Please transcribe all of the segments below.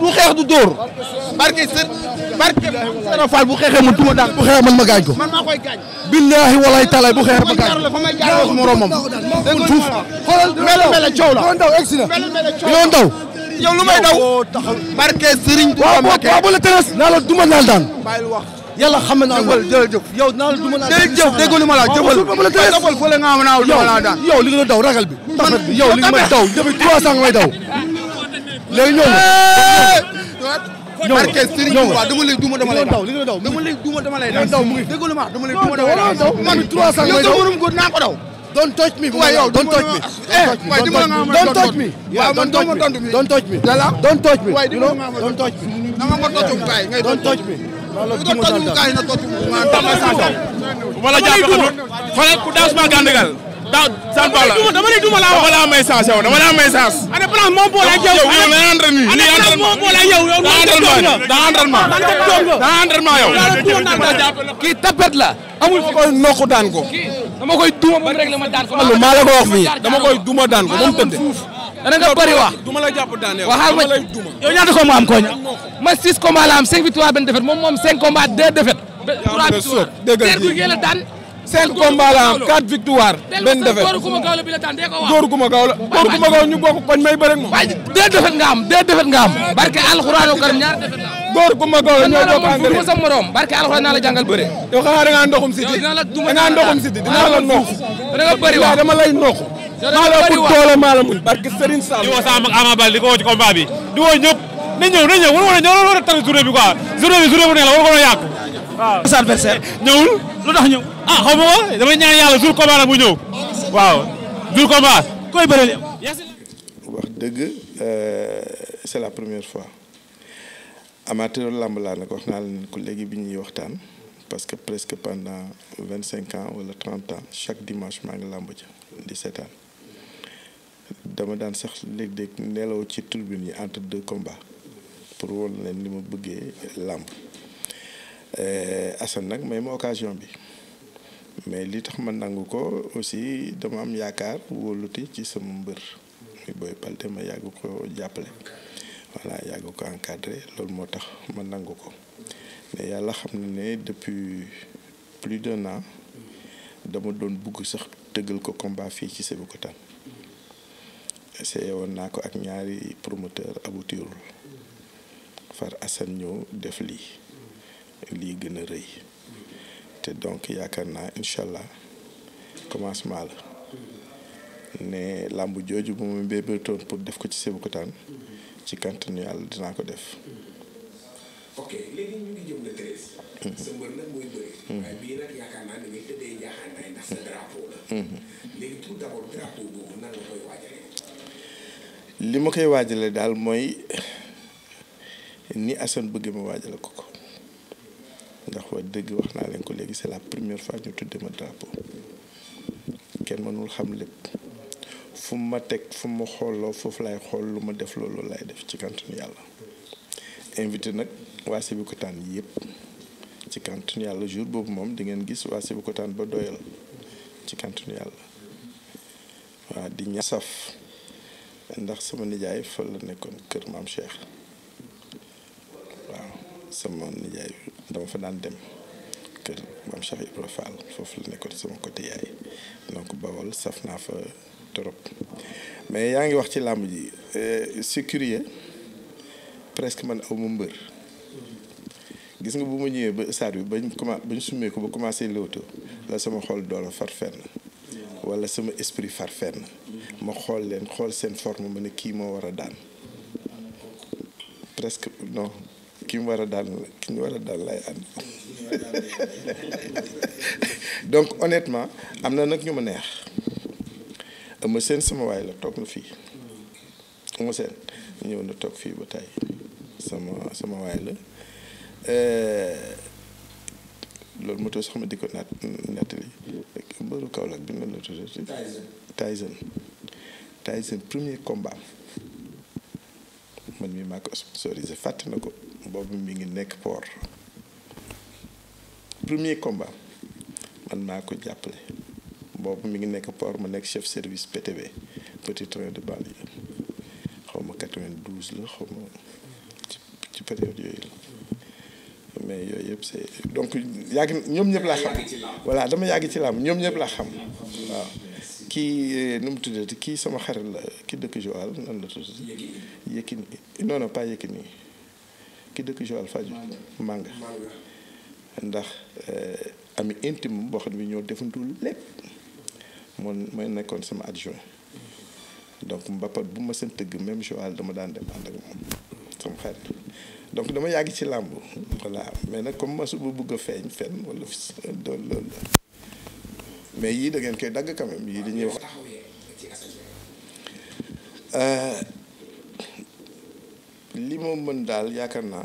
du xeex du dóor. barke sër barke Sëriñ Fall bu xeexee man duma daan bu xeexee man ma gaañ ko. man maa koy gaañ. billaahi walay talay bu xeexee ma gaañ ko. yaa ko moromam. dégg nga xoolal mel mel coow la. yow ndaw egg si na yow ndaw. yow lu may daw. barke Sëriñ Tuubaa Mbakke. waaw naa la duma naal daan. xam naa la jërëjëf yow naa la duma naal daan. jërëjëf dégg li ma la jëfal. waaw bi. yow li nga daw. yow li nga may léegi ñëw ñëw ñëw waaw dama lay duuma dama lay daw dama lay duuma dama lay daw dégg lu ma dama lay duuma dama lay daw man 300 lay daw mënum góor naa ko daw don't touch me waaye yow don't eh, touch me waaye di ma nga am don't touch me waaw man doo ma tontu mi don't touch me dala don't touch me waaye di ma nga am don't touch me na nga ko tojum kaay ngay don't touch me wala ko tojum kaay na tojum ma dama sa bu ma la jàppee xam nga ku daas ma gàndagal daaw Sane Ba la dama lay duma laa wax dama laa may chance yow dama laa may chance. ana plan moom boole ak yow yow yow lay entraîné lii entraînement daa entraînement daa entraînement yow. kii tapet la. amul fi koy nokku daan ko. dama koy duma moom rek la ma daan ko. maa la ko wax fii dama koy duma daan ko moom tëdd. dana nga bëri wax duma la jàpp daan yow waxal ma yow ñaata combat am koñ ma six combat la am cinq victoire benn défaite moom moom cinq combat deux défaite. trois victoire dégg la daan. cinq combats la am quatre victoires benn défaite góor gu ma gaaw la bi la tànn dee ko waaw góor gu ma gaaw la góor gu ma gaaw ñu bokk koñ may bëre ak moom. waaye deux défaites nga am deux défaites nga am. barke alxuraan karim ñaar défaites la am. góor gu ma gaaw la ñoo bokk engrais ma sa morom barke alxuraan naa la jàngal bëre. yow xanaa da ngaa ndoxum siti da ngaa ndoxum siti dinaa la noq. da nga bëri waaw dama lay noq. maa la ëpp doole maa la mun barke Serigne Sall. di woo sama mag Ama Baldé di ko woo ci combat bi di woo ñëpp na ñëw na ñëw war war a ñëw war a tànn journée bi quoi journée bi journée bu neex la war ko mën a yàqu waaw sa adversaire ñëwul lu tax ñëw ah xaw ma damay ñaan yàlla jour combat la bu ñëw waaw jour combat koy bëreel wax dëgg euh, c'est la première fois amateur lamb laa nag wax naa leen ko léegi bi ñuy waxtaan parce que presque pendant vingt cinq ans wala trente ans chaque dimanche maa ngi làmb ja di seetaan dama daan sax léeg-léeg nelaw ci tribune yi entre deux combats pour won leen ni ma bëggee làmb Eh, Assane nag may ma occasion bi mais li tax ma nangu ko aussi dama am yaakaar wóolute ci sama mbër muy Boy Baldé ma yàgg ko jàppale voilà yàgg ko encadré loolu moo tax ma nangu ko mais yàlla xam ne depuis plus d'un an dama doon bugg sax tëggal ko combat fii ci Sébikotane essayé woon naa ko ak ñaari promoteur aboutirul far Assane ñëw def lii lii gën a rëy te donc yaakaar naa incha allah commencement la ne làmb jooju bu ma bébétoon pour def ko ci sebu Sébikotane ci kàttanu yàlla dinaa ko def. ok mhm. mhm. mhm. li ma koy waajalee daal mooy ni Assane bëgg ma waajale ko ko. ndax wax dëgg wax naa leen ko léegi c'est la première fois ñu tudde ma drapeau kenn mënul xam lépp fu ma teg fu ma xooloo foofu laay xool lu ma def loolu laay def ci kantunu yàlla invité nag waa Sébikotane yëpp ci kantunu yàlla jour boobu moom di ngeen gis waa ba doyal ci kantunu yàlla waa di ña ndax sama nijaay fa la nekkoon kër maam Cheikh waaw sama nijaay dama fa daan dem kër maam Cheikh Ibra foofu la nekkoon sama côté yaay donc Bawol saf naa fa trop mais yaa ngi wax ci làmb ji euh, sécurier presque man aw ma mbër gis nga bu ma ñëwee ba stade bi bañ commencé bañ summee ko ba commencé looto la sama xool doolo far fenn wala sama esprit far fenn ma xool leen xool seen forme ma ne kii moo war a daan presque non ki mu war a daan ki ñu war a daan lay ànd donc honnêtement am na nag ñu ma neex ama seen sama waay la toog na fii ama seen ñëw na toog fii ba tey sama sama waay la eh, loolu moto sax ma di ko naat nettali mbëru Kaolack bi na la tudd Tyson Tyson premier combat man mii maa ko sponsorisé fàtte na ko boobu mi ngi nekk port premier combat man naa ko jàppale boobu mu ngi nekk port ma nekk chef service PTB petit train de banlieue xaw ma 92 la xaw ma ci période yooyu la mais yooyu yëpp c'est donc yàgg ñoom ñëpp laa xam voilà dama yàgg ci làmb ñoom ñëpp laa xam waaw kii nu mu tuddati kii sama xarit la kii dëkk Joal nan la tuddati Yékini non non pas Yékini ki dëkk Joal Fadiouth Manga ndax euh, ami intime boo xam ne ñoo defantu lépp moom mooy nekkoon sama adjoint donc mbappat bu ma seen tëgg même Joal dama daan dem ànd ak moom sama xarit donc dama yàgg ci làmb voilà mais nag comme ma su ma bëgg a feeñ fenn wala dool loolu mais yii da ngeen koy dagg quand même yii dañuy wax. li ma mën daal yaakaar naa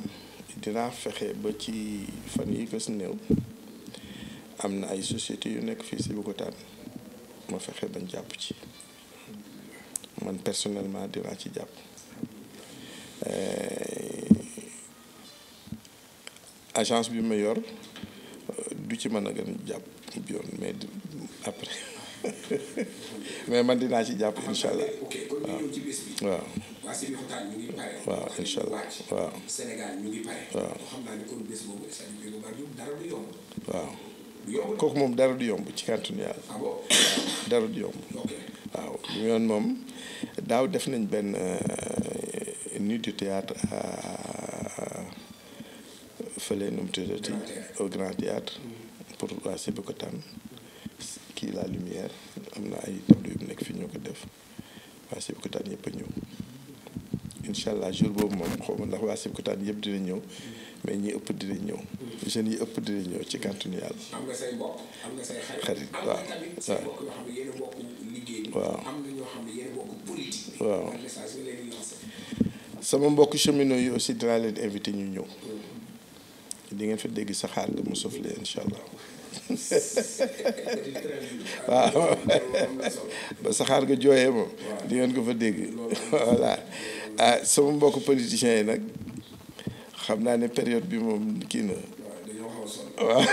dinaa fexe ba ci fan yi gës néew am na ay société yu nekk fii si Bougoutaan ma fexe bañ jàpp ci man personnellement dinaa ci jàpp euh, agence bi ma yor du ci mën a gën jàpp yoon mais après mais man dinaa ci jàpp incha allah waaw waaw waaw waaw waaw kooku moom dara du yomb ci kàttanu yàlla ah dara du yomb waaw ñu moom daaw def nañ benn euh, nuit du théâtre fële nu mu tuddati au grand théâtre mm-hmm. pour waa Sébikotane kii la lumière am na ay tableau yu nekk fi ñoo ko def waa Sébikotane yëpp a ñëw incha allah jour boobu moom xaw ma ndax waa Sébikotane yëpp dina ñëw mais ñi ëpp dina ñëw jeunes yi ëpp dina ñëw ci kàttanu yàlla. xarit waaw waaw sama mbokk cheminots yi aussi dinaa leen invité ñu ñëw. di ngeen fa dégg saxaar ga mu soufflé incha allah waaw ba saxaar ga jooyee moom di ngeen ko fa dégg voilà ah sama mbokk politiciens yi nag xam naa ne période bi moom kii na waaw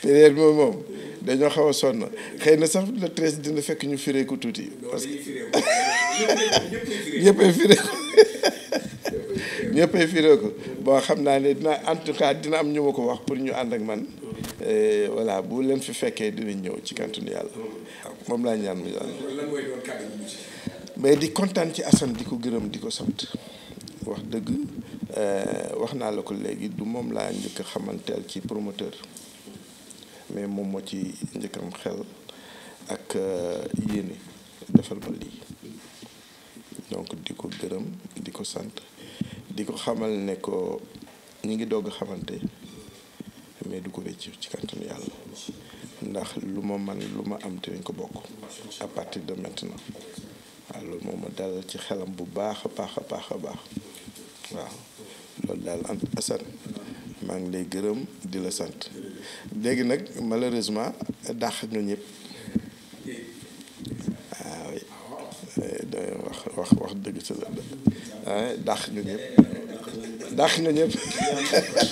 période moom moom dañoo xaw a sonn xëy na sax le treize dina fekk ñu firee ko tuuti parce que ñëppay firee bon xam naa ne dina en tout cas dina am ñu ko wax pour ñu ànd ak man eh, voilà bu leen fi fekkee dinañ ñëw ci kàntanu yàlla moom laa ñaan mu yàlla mais di kontaan ci Assane di ko gërëm di ko sant wax dëgg eh, wax naa la ko léegi du moom laa njëkk a xamanteel ci promoteur mais moom moo ci njëkkam xel ak eh, yéene defal di ko gërëm di ko sant di ko xamal ne ko ñi ngi dogg xamante mais du ko rëcc ci kàttanu yàlla ndax lu ma man lu ma am te dañ ko bokk à partir de maintenant waaw loolu moom ma dal ci xelam bu baax a baax a baax a baax waaw loolu daal am Assane maa ngi lay gërëm di la sant léegi nag malheureusement dàq ñu ñëpp waaw ah eh, wax wax wax dëgg sa la Eh, dàq nga ñëpp dàq nga ñëpp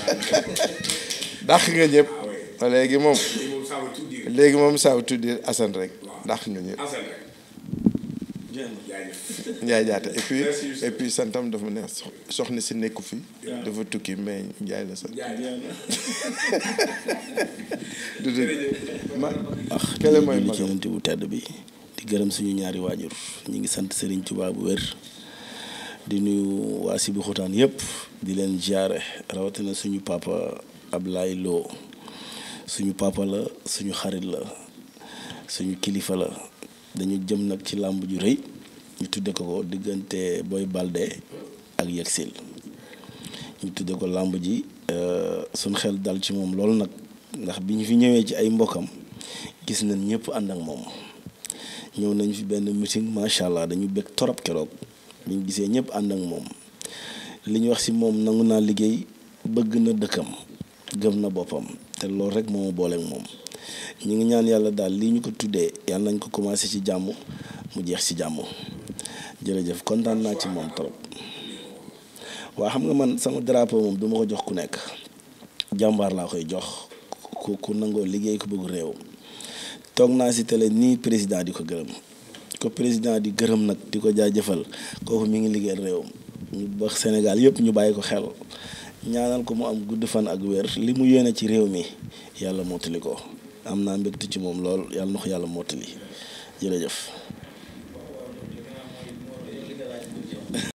dàq nga ñëpp léegi moom léegi moom ça veut tout rek dàq nga ñëpp Njaay jaata et puis et puis santam dafa neex soxna si nekku fi dafa tukki mais Njaay la sant du dëgg ma kele ah, mooy magam ci bu tedd bi di gërëm suñu ñaari waajur ñu ngi sant Serigne Touba bu wér di nuyu waa Sébikotane yëpp di leen jaare rawatina suñu papa Ablaye Lo suñu papa la suñu xarit la suñu kilifa la dañu jëm nag ci làmb ju rëy ñu tudde ko ko diggante Boy balde ak Yeksil ñu tudde ko làmb ji euh, suñ xel dal ci moom loolu nag ndax bi ñu fi ñëwee ci ay mbokkam gis nañ ñëpp ànd ak moom ñëw nañ fi benn meeting macha allah dañu bëgg torop keroog liñ gisee ñëpp ànd ak moom li ñu wax ci moom nangu naa liggéey bëgg na dëkkam gëm na boppam te loolu rek moo ma booleek moom ñu ngi ñaan yàlla daal lii ñu ko tuddee yàlla nañ ko commencé ci jàmm mu jeex ci jàmm jërëjëf kontaan naa ci moom trop waa xam nga man sama drapeau moom duma ko jox ku nekk jàmbaar laa koy jox ku ku nangoo liggéey ku bëgg réew toog naa ci télé nii président di ko gërëm ko président di gërëm nag di ko jaajëfal kooku mu ngi liggéey réewam ñu ba Sénégal yëpp ñu bàyyi ko xel ñaanal ko mu am gudd fan ak wér li mu yéene ci réew mi yàlla mottali ko am naa mbégte ci moom lool yàlla na yàlla mottali jërëjëf.